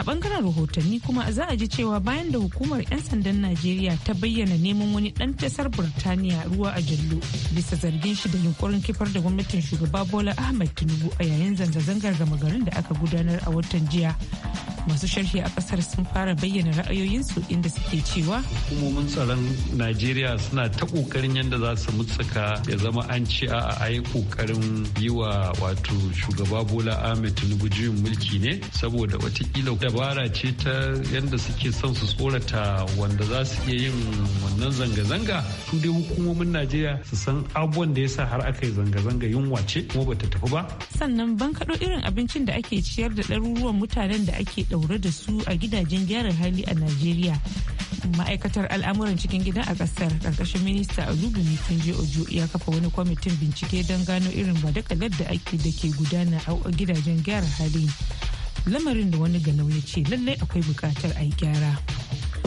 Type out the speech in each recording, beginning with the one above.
a bangaren rahotanni kuma za a ji cewa bayan da hukumar 'yan sandan najeriya ta bayyana neman wani dan tasar burtaniya ruwa a jallo bisa zargin shi da yunkurin kifar da gwamnatin shugaba bola ahmed tinubu a yayin zanga-zangar gama garin da aka gudanar a watan jiya masu sharhi a kasar sun fara bayyana ra'ayoyinsu inda suke cewa hukumomin tsaron najeriya suna ta kokarin yadda za su mutsaka ya zama an ce a a yi kokarin yi wa wato shugaba bola ahmed tinubu juyin mulki ne saboda watakila dabara ce ta yadda suke son su tsorata wanda za su iya yin wannan zanga-zanga su dai hukumomin najeriya su san abubuwan da ya sa har aka yi zanga-zanga yunwa ce kuma bata tafi ba sannan ban kaɗo irin abincin da ake ciyar da ɗaruruwan mutanen da ake ɗaure da su a gidajen gyaran hali a najeriya ma'aikatar al'amuran cikin gida a ƙasar karkashin minista alubumi je ojo ya kafa wani kwamitin bincike don gano irin ba da ake da ke gudana a gidajen gyara hali lamarin da wani ganau ya ce lallai akwai bukatar a gyara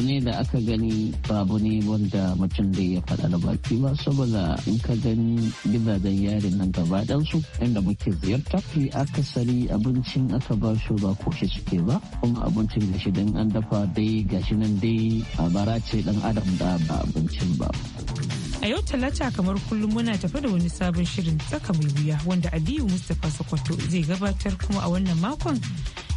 ne da aka gani babu ne wanda mutum da ya faɗa da baki ba saboda in ka gani gidajen yari nan gaba su inda muke ziyarta fi akasari abincin aka ba shi ba koshi suke ba kuma abincin gashi don an dafa dai gashi nan dai a bara ce dan adam da ba abincin ba a yau talata kamar kullum muna tafi da wani sabon shirin tsaka mai wuya wanda aliyu mustapha sokoto zai gabatar kuma a wannan makon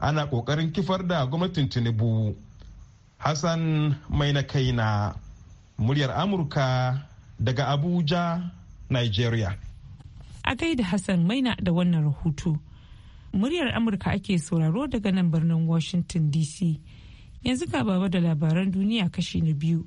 ana kokarin kifar da gwamnatin tinubu hassan mai na kaina muryar amurka daga abuja nigeria a gaida hassan maina da wannan rahoto muryar amurka ake sauraro daga nan birnin washington dc yanzu ga baba da labaran duniya kashi na biyu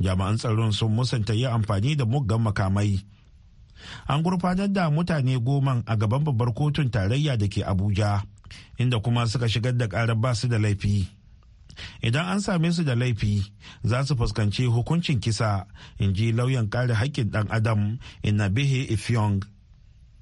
jami'an tsaron sun musanta yi amfani da muggan makamai an gurfanar da mutane goma a gaban babbar kotun tarayya da ke abuja inda kuma suka shigar da karar ba su da laifi idan an same su da laifi za su fuskanci hukuncin kisa in ji lauyan kare haƙƙin ɗan adam bihe ifyong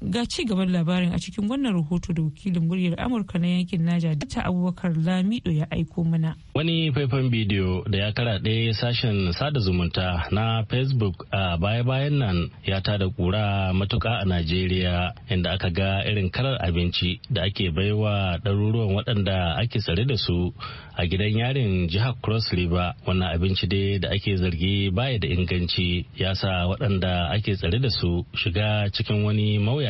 ga ci gaban labarin a cikin wannan rahoto da wakilin muryar amurka na yankin naja ta abubakar lamido ya aiko mana wani faifan bidiyo da ya karaɗe sashen sada zumunta na facebook a baya-bayan nan ya tada kura matuka a najeriya inda aka ga irin karar abinci da ake baiwa ɗaruruwan waɗanda ake tsare da su a gidan yarin jihar cross river wannan abinci dai da ake zargi baya da inganci ya sa waɗanda ake tsare da su shiga cikin wani mawuya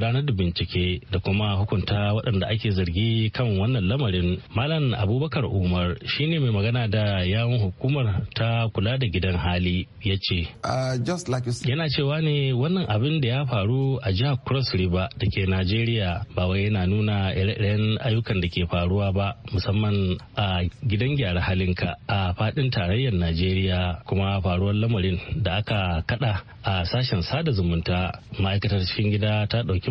gudanar da bincike da kuma hukunta waɗanda ake zargi kan wannan lamarin malam abubakar umar shine mai magana da yawun hukumar ta kula da gidan hali ya ce uh, yana cewa ne wannan abin da ya faru a jihar cross river da ke Nigeria ba wai yana nuna ire-iren ayyukan da ke faruwa ba musamman a gidan gyara halin ka a fadin tarayyar Nigeria kuma faruwar lamarin da aka kada a sashen sada zumunta ma'aikatar cikin gida ta ɗauki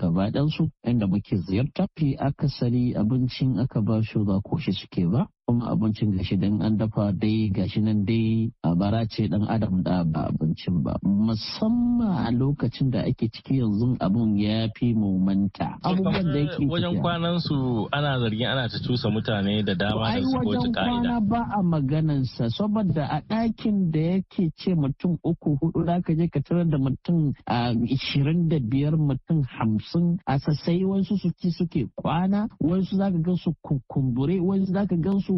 gaba ɗansu inda muke ziyarta fi akasari abincin aka ba shi ba ko shi suke ba kuma abincin gashi dan an dafa dai gashi nan dai a bara ce dan adam da ba abincin ba musamman a lokacin da ake ciki yanzu abun ya fi mumanta abubuwan da yake wajen kwanan su ana zargin ana ta tusa mutane da dama da su ko ta ka'ida ba a maganan sa saboda a ɗakin da yake ce mutum uku hudu da ka je ka tarar da mutum ishirin da biyar mutum hamsin a sassai wasu su ci suke kwana wasu zaka gan su kukumbure wasu zaka gan su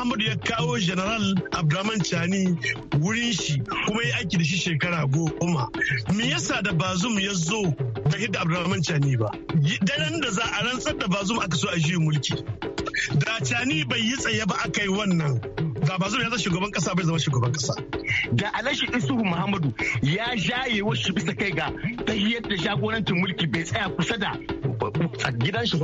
Muhammadu ya kawo General Abdulrahman Chani wurin shi kuma ya aiki da shi shekara goma. Me yasa da Bazum ya zo ba hidda Abdulrahman Chani ba? Daren da za a rantsar da Bazum aka so a juyin mulki. Da Chani bai yi tsaye ba aka yi wannan. da ba ya zama shugaban kasa bai zama shugaban kasa. Da Alhaji Isuhu Muhammadu ya jaye wasu bisa kai ga ta yadda jagorancin mulki bai tsaya kusa da a gidan shi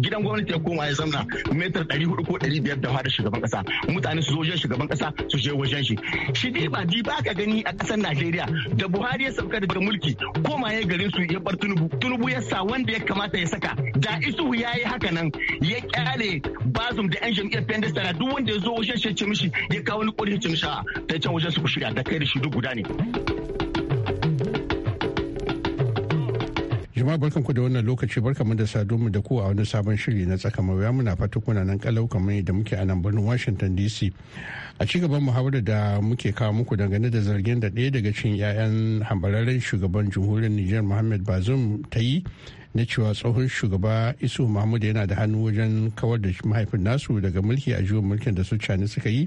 gidan gwamnati ya koma ya zamna metar ɗari hudu ko ɗari biyar da fara shugaban kasa mutane su zo wajen shugaban kasa su je wajen shi shi dai ba di ba ka gani a ƙasar najeriya da buhari ya sauka daga mulki koma ya garin su ya bar tunubu tunubu ya sa wanda ya kamata ya saka da isu ya yi haka nan ya kyale bazum da yan jam'iyyar pendestara duk wanda ya zo wajen shi ya ce mishi ya kawo wani ƙorin ya ce mishi a ta can wajen su ku shirya da kai da shi duk guda ne. jama'a barkan ku da wannan lokaci barka mu da sadu mu da ku a wani sabon shiri na tsaka mawuya muna fata kuna nan kalau kamar da muke a nan birnin washington dc a ci gaban muhawara da muke kawo muku dangane da zargin da ɗaya daga cikin 'ya'yan hambararren shugaban jamhuriyar niger muhammad bazoum ta yi na cewa tsohon shugaba isu mahmud yana da hannu wajen kawar da mahaifin nasu daga mulki a juyin mulkin da su cani suka yi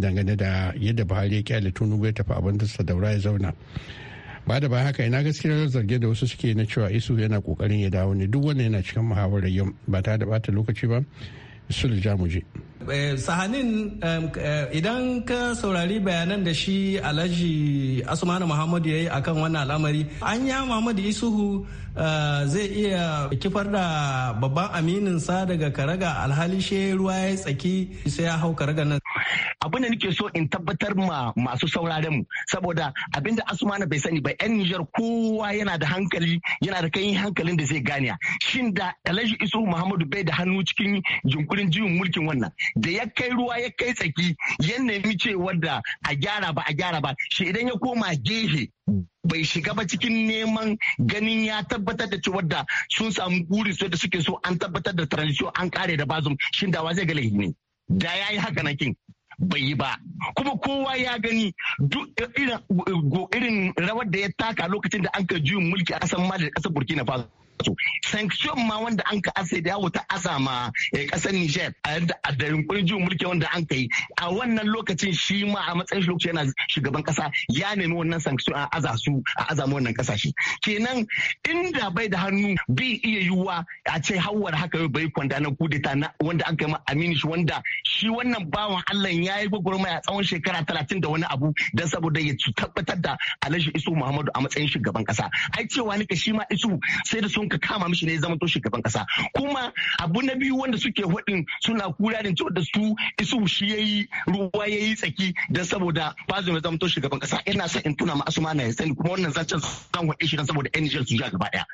dangane da yadda buhari ya kyale tunubu ya tafi abin da daura ya zauna ba da baya haka ina gaskiyar zarge da wasu suke na cewa isu yana kokarin ya dawo ne duk wanda yana cikin muhawarar yau ba ta da bata lokaci ba sul je. Eh, sahanin eh, idan ka saurari bayanan da shi alhaji asmanu muhammadu ya yi akan wannan al'amari an ya muhammadu isuhu eh, zai iya kifar da babban aminin sa daga karaga alhali shi ruwa ya tsaki sai ya hau karaga nan abin da nake so in tabbatar ma masu sauraren mu saboda abinda asmana bai sani ba yan nijar kowa yana da hankali yana da kai hankalin da zai gane shin da alhaji isu muhammadu bai da hannu cikin jinkurin jiwon mulkin wannan da ya kai ruwa ya kai tsaki ya nemi cewa da a gyara ba a gyara ba shi idan ya koma gehe bai shiga ba cikin neman ganin ya tabbatar da cewa da sun samu guri da suke so an tabbatar da transition an kare da bazum shin wa zai ga laifi ne da ya haka na kin bai yi ba kuma kowa ya gani duk irin rawar da ya taka lokacin da an ka juyin mulki a san mali da kasar burkina faso su sanction ma wanda an ka asa da ta asa ma kasar eh, Niger a yadda a da yunkurin jin mulki wanda an kai a wannan lokacin shi ma a matsayin shi lokaci yana shugaban kasa ya nemi wannan sanction a aza su a aza wannan kasashe kenan inda bai da hannu bi iya yiwuwa a ce hawar haka bai kwanda na kudeta na wanda an kai ma Aminu shi wanda shi wannan bawan Allah ya yi a tsawon shekara talatin da wani abu don saboda ya tabbatar da Alhaji Isu Muhammadu a matsayin shugaban kasa ai cewa ka shi ma Isu sai da sun ka kama mishi ne zama to shugaban kasa kuma abu na biyu wanda suke hudin suna kura da cewa da su isu shi yayi ruwa yayi tsaki dan saboda bazin ya zama to shugaban kasa ina sa in tuna ma asuma na sani kuma wannan zancen zan wadi shi dan saboda angel su ja gaba daya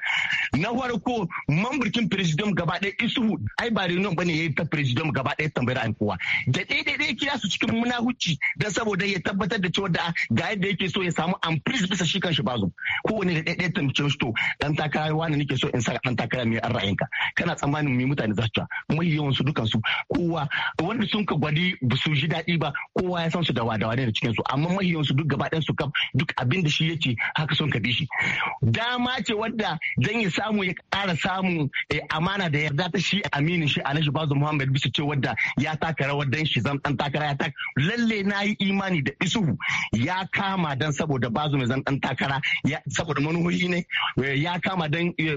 na farko mamburkin president gaba daya isu ai ba reunion bane yayi ta president gaba daya tambayar an kowa da daidai dai kira su cikin munahuci dan saboda ya tabbatar da cewa da ga yadda yake so ya samu amprise bisa shi kan shi bazo kowane da daidai tantance shi to dan takarawa ne nake so so in sa an takara mai an ka kana tsammanin mai mutane za su ta mai yawan su dukan su kowa wanda sun ka gwadi ba su ji daɗi ba kowa ya san su da wadawa ne cikin su amma mai yawan su duk gaba ɗayan su kaf duk abin da shi yake haka sun ka bi shi dama ce wadda zan ya samu ya ƙara samu eh, amana da yarda ta shi aminin shi Alhaji Bazu Muhammad bisa ce wadda ya taka rawar dan shi zan dan takara ya taka lalle na yi imani da isuhu ya kama dan saboda Bazu mai zan dan takara saboda manuhoyi ne eh, ya kama dan eh,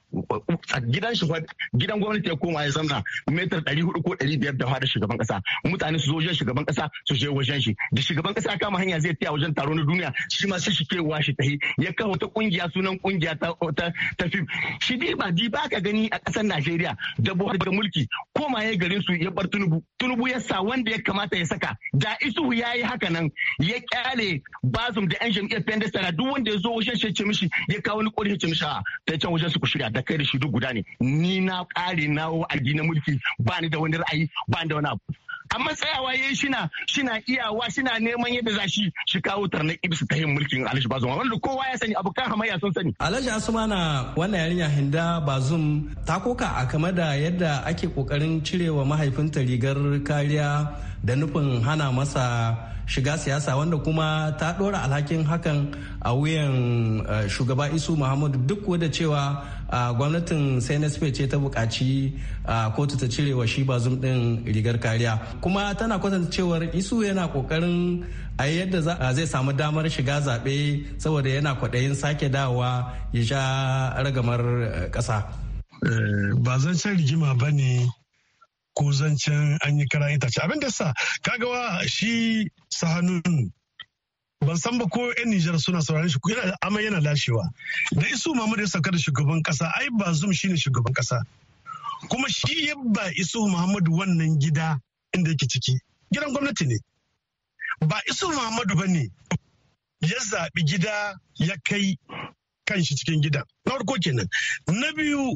gidan shi gidan gwamnati ya koma ya zamna metar ɗari hudu ko ɗari biyar da fara shugaban kasa mutane su zo wajen shugaban kasa su je wajen shi da shugaban kasa kama hanya zai taya wajen taro na duniya shi ma sai shi kewa shi tahi ya kawo ta kungiya sunan kungiya ta ta fim shi dai ba di ba ka gani a kasar Najeriya da buhari da mulki koma ya garin su ya bar tunubu tunubu ya sa wanda ya kamata ya saka da isuhu ya yi haka nan ya kyale bazum da yan jam'iyyar pendestara duk wanda ya zo wajen shi mishi ya kawo wani kori ya mishi a ta can wajen su ku shirya da kai da shi duk guda ne ni na kare na wa'adi na mulki ba ni da wani ra'ayi ba ni da wani abu amma tsayawa yayi shina shina iyawa shina neman yadda za shi shi kawo tarnar ibsu ta yin mulkin Alhaji Bazum wanda kowa ya sani abokan hamayya sun sani Alhaji Asmana wannan yarinya Hinda Bazum ta koka a kama da yadda ake kokarin cirewa mahaifinta rigar kariya da nufin hana masa shiga siyasa wanda kuma ta ɗora alhakin hakan a wuyan eh, shugaba isu muhammadu duk wadda cewa ah, gwamnatin na ce ta bukaci ah, kotu ta cire wa shi bazum ɗin rigar kariya kuma tana kwatanta cewar isu yana kokarin a yadda zai samu damar shiga zaɓe saboda yana kwaɗayin sake dawa ya sha ragamar eh, ƙasa. Eh, ba zancen rigima ba ne ko an yi kira ce abin da sa kagawa shi sahanun ban san ba ko yan Nijar suna sauraron shi yana amma yana lashewa da isu da ya sauka da shugaban kasa ai ba Bazum shine shugaban kasa kuma shi ya ba isu Muhammadu wannan gida inda yake ciki gidan gwamnati ne ba isu Muhammadu ba ne ya zaɓi gida ya kai kan shi cikin gidan na farko kenan na biyu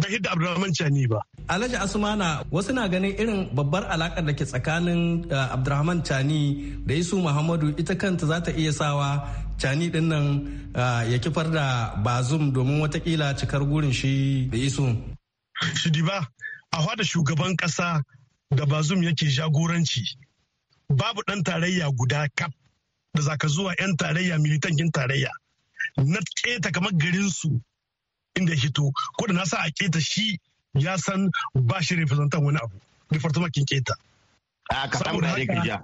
ba hidda abdurrahman chani ba alhaji asmana wasu na ganin irin babbar alakar da ke tsakanin eh, abdurrahman chani da isu muhammadu ita kanta za ta iya sawa cani din nan eh, ya kifar da bazum domin watakila cikar gurin shi da isu shidi ba a hada shugaban kasa da bazum yake jagoranci babu dan tarayya guda kaf da zaka zuwa yan tarayya militankin tarayya na keta kamar garinsu inda ya hito ko da na sa a keta shi ya san ba shi representan wani abu department kin keta a ka samu da yake ja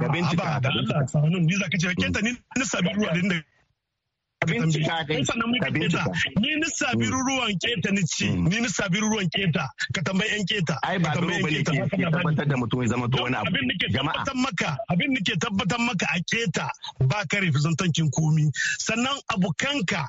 ka bincika da Allah sanun ni za ka ce keta ni ni sabi ruwa din da bincika dai sannan muka keta ni ni sabi mm. ruwan keta ni ci mm. ni ni sabi ruwan keta ka tambayi yan keta ai ba dole bane ke tabbatar da mutum ya zama to wani abu jama'a abin maka abin nake tabbatar maka a keta ba ka representan kin komi sannan abukanka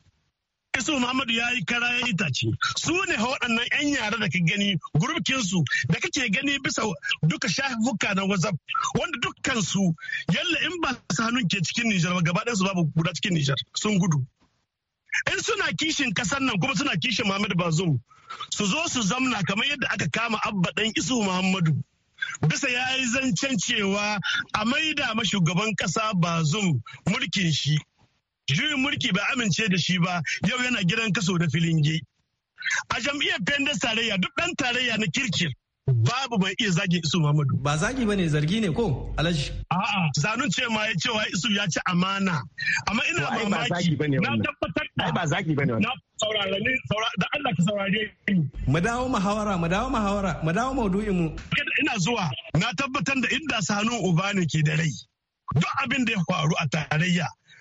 Isu Muhammadu ya yi kara ya yi tace su ne waɗannan 'yan yara da ka gani gurbikinsu da kake gani bisa duka shafuka na WhatsApp wanda dukkansu yalla in ba su hannun ke cikin Nijar ba gaba su babu guda cikin Nijar sun gudu. In suna kishin ƙasar nan kuma suna kishin Muhammadu Bazum su zo su zamna kamar yadda aka kama abba ɗan Isu Muhammadu. bisa ya yi zancen cewa a maida ma shugaban kasa bazum mulkin shi juyin mulki bai amince da shi ba yau yana gidan kaso da filingi a jam'iyyar pendes tarayya duk ɗan tarayya na kirkir babu mai iya zagi isu Muhammadu. Ba zagi bane zargi ne ko alaji. A'a, zanun ce ma ya cewa isu ya ci amana. Amma ina mamaki. Na tabbatar da. Ai ba zagi bane wannan. Na ne saurara da Allah ka saurare ni. Mu dawo muhawara, mu dawo muhawara, mu dawo maudu'in mu. Ina zuwa, na tabbatar da inda sanu uba ne ke da rai. Duk abin da ya faru a tarayya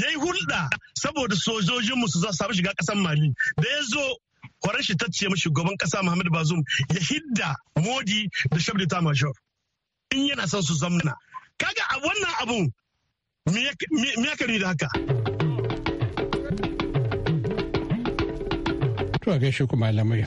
ya yi hulɗa saboda sojojinmu su samu shiga ƙasar mali da ya zo kwarar shi ta ce shugaban ƙasa muhammadu bazum ya hidda modi da shabda ta in yana son su zamna kaga a wannan abun me ya da haka to a gaishe kuma malamai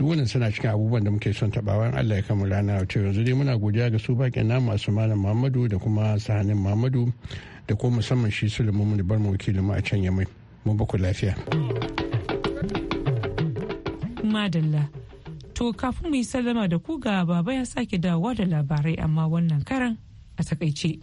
duwannan suna cikin abubuwan da muke son taɓawa in Allah ya kama rana wato yanzu dai muna godiya ga su bakin na masu malam Muhammadu da kuma sahanin Muhammadu da kuma musamman shi Sulaiman da bar mu wakilin mu a can Yamai mu baku lafiya madalla to kafin mu yi sallama da ku ga baba ya sake dawowa da labarai amma wannan karan a takaice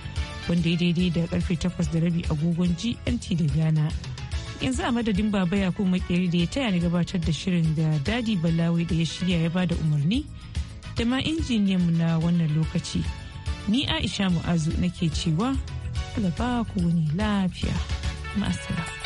wanda ya daidai da karfe 8 da rabi agogon GMT da Ghana. Yanzu a madadin Baba kuma Makeri da ya taya ni gabatar da shirin da Dadi Balawi da ya shirya ya bada umarni da ma injiniyan na wannan lokaci. Ni Aisha Mu'azu nake cewa, Allah ku wani lafiya. Ma'asala.